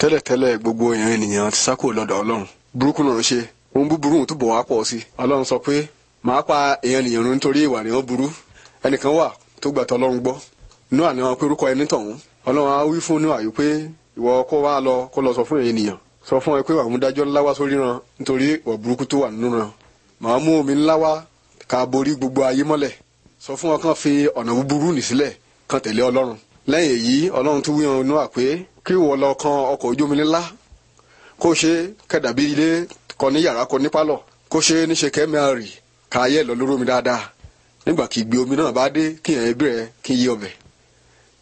tẹ́lẹ̀tẹ́lẹ̀ gbogbo èèyàn ènìyàn ti sá kúrò lọ́dọ̀ ọlọ́run burúkú náà ń ṣe ohun búburú tó bọ̀ wá pọ̀ sí i ọlọ́run sọ pé màá pa èèyàn ènìyàn run nítorí ìwà rẹ̀ wọ́n burú ẹnìkan wà tó gbà tọ́ ọlọ́run gbọ́ Nóà ni wọ́n pe orúkọ ẹni tọ̀hún ọlọ́run á wí fún Nóà yìí pé ìwọ kó wá lọ kó lọ sọ fún èèyàn ènìyàn sọ fún ẹ pé àwọn dájọ́ ńlá sórí ran nítorí ìwà burúkú tó wà nínú ran màá mú omi ńlá ká borí gbogbo ayé mọ́lẹ̀ sọ fún ọ kàn fi ọ̀nà búburú nì sílẹ̀ kàn tẹ̀lé ọlọ́run lẹ́yìn èyí ọlọ́run tún wí hàn Nóà pé kí wọ́n lọ kan ọkọ̀ ojú omi ńlá kó ṣe kẹdàbí ilé kọ ní yàrá kọ ní pálọ̀ kó ṣe níṣe kẹ́mẹ́rì káyé lọ lórí omi dáadáa nígbà kí gbé omi náà bá dé kí yẹn bẹ̀rẹ̀ kí yí ọbẹ̀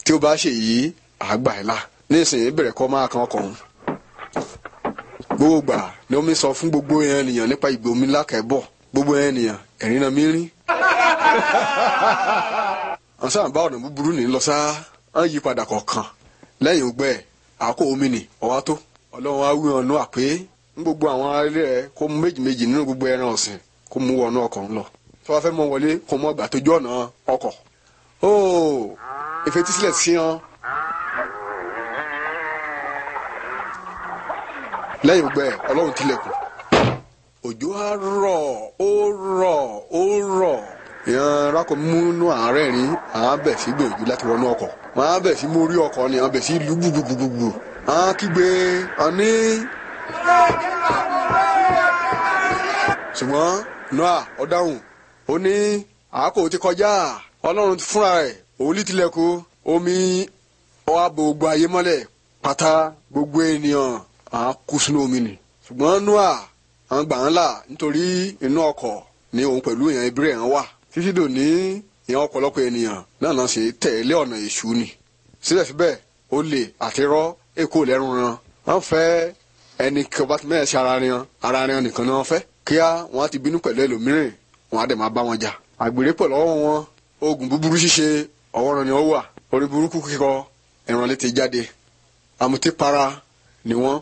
tí ó bá ṣe yìí àgbà ẹ̀ la nísìnyí bẹ̀rẹ̀ kọ́ máa kan ọkọ̀ òun. gbogbo gbà ni omi sọ fún gbogbo ènìyàn nípa ìgbé omi ńlá kẹ́bọ̀ gbogbo ènìyàn ẹ̀rín náà mi rín. ọ̀sán àbá ọ̀nà búburú ní lọ sáá á yí padà kọ̀ọ̀kan lẹ́yìn ògbẹ́ àkó omi nì ọ̀wá tó ọlọ́run á wí ọ̀nù àpé ń gbogbo àwọn aráàlú rẹ kó mú méjì méjì nínú gbogbo ẹran ọ̀sìn kó mú wọnú ọkọ̀ ńlọ tó bá fẹ́ mọ wọlé kó mọ ọgbà tó ọ̀nà ọkọ̀ óò ìfetísílẹ̀ sí wọn. lẹ́yìn ògbẹ́ ọlọ́run tilẹ̀kùn òjò á rọ̀ ó rọ̀ ó rọ̀ èèyàn rákò múnú àárẹ̀ rí àwọn abẹ̀ sí gbèjú láti wọnú ọkọ̀ wọn abẹ̀ sí mórí ọkọ̀ ni àwọn abẹ̀ sí ìlú gbùgbùgbùgbù àwọn kígbe ọ̀ní. ṣùgbọ́n noah ọ̀dáhùn ó ní àákò ti kọjá ọlọ́run fúnra rẹ̀ òwúlí tilẹ̀kùn omi ọwọ́ bo gbogbo ayé mọ́lẹ̀ pátá gbogbo ènìyàn àwọn kú sínú omi ni ṣùgbọ́n noah àwọn gbà ń là nítorí inú ọkọ̀ ni òun pẹ̀lú èèyàn ibírẹ̀ hàn wà títí dòní ìyẹn ọ̀pọ̀lọpọ̀ ènìyàn náà náà ṣe tẹ̀lé ọ̀nà èṣù ni síbẹ̀síbẹ̀ olè àti rọ́ èkó lẹ́rùn ran wọ́n fẹ́ ẹni kí ọba mẹ́rin ṣe ara ran ara ran nìkan ni wọ́n fẹ́ kíá wọ́n á ti bínú pẹ̀lú ẹlòmíràn wọ́n á dẹ̀ máa bá wọn jà àgbèrè pọ̀ lọ́wọ́ wọn oògùn búburú ṣíṣe ọwọ́ ran ni ó wà orí burúkú kíkọ ẹ̀ràn létí jáde àmutípara ni wọ́n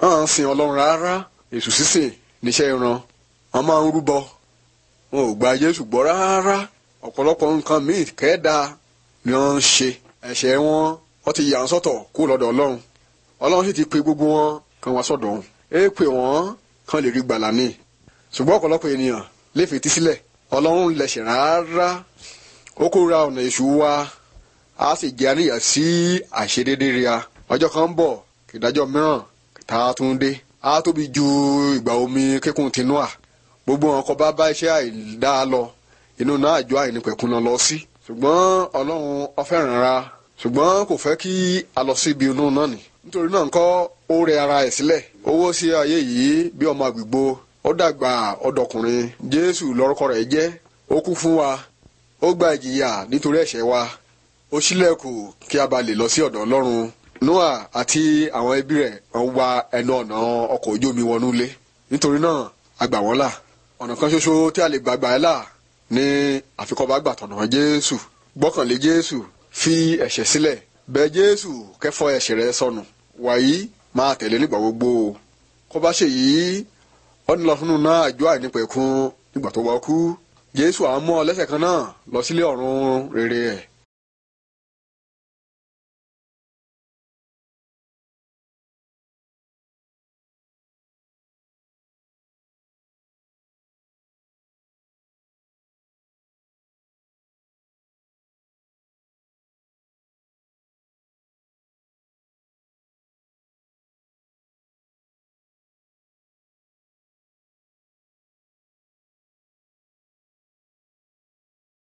hàn sin ọlọ́run rárá èṣù sísìn níṣẹ́ ìran wọ́n máa ń rúbọ wọn ò gba Jésù gbọ́ rárá ọ̀pọ̀lọpọ̀ nǹkan míì kẹ́ẹ̀dá ni wọ́n ń ṣe ẹ̀ṣẹ̀ wọn wọ́n ti yà ń sọ́tọ̀ kú lọ́dọ̀ Ọlọ́run Ọlọ́run sì ti pe gbogbo wọn kan wá sọ́dọ̀ òun é pè wọ́n kan lè rí gbàlà ní ṣùgbọ́n ọ̀pọ̀lọpọ̀ ènìyàn lè fetí sílẹ̀ Ọlọ́run lẹ̀ṣẹ̀ rárá ó kórìíra ọ̀nà èṣù wa a sì jẹ́ àníyà sí àìṣedédé ria ọjọ́ kan bọ̀ kìdájọ́ mìíràn tá tún dé a tóbi ju ìgbà omi kíkún tinúà gbogbo wọn kọ bá bá iṣẹ́ àìdá lọ inú náà àjọ àìnípẹ̀kun lọ sí ṣùgbọ́n ọlọ́run ọfẹ́ràn ra ṣùgbọ́n kò fẹ́ kí a lọ sí ibi inú náà ni nítorí náà ńkọ́ ó rẹ ara ẹ̀ sílẹ̀ owó sí ayé yìí bí ọmọ àgbègbò ó dàgbà ọ̀dọ́kùnrin jésù lórúkọ rẹ̀ jẹ́ ó kú fún wa ó gba ìjìyà nítorí ẹ̀ṣẹ̀ wa ó ṣílẹ̀kù kí a bá lè lọ sí ọ̀dọ̀ ọlọ́run noah àti àwọn ẹbí rẹ̀ wọ́n wá ẹnu ọ̀nà ọkọ̀ ojú omi wọnú ilé nítorí náà a gbà wọ́n là ọ̀nà kan ṣoṣo tí a lè gbàgbà ẹ́ là ní àfikọ́ba gbàtọ̀nà jésù gbọ́kànlé jésù fi ẹ̀ṣẹ̀ sílẹ̀ bẹ̀ jésù kẹ́fọ́ ẹ̀ṣẹ̀ rẹ sọnù wàyí máa tẹ̀lé nígbà gbogbo kó bá ṣe yìí ọ̀nà lọ́fúnnù náà àjọ àìnípẹ̀kun nígbà tó wá jésù àmọ́ lẹ́sẹ̀ kan náà lọ sílé ọ̀run rere ẹ̀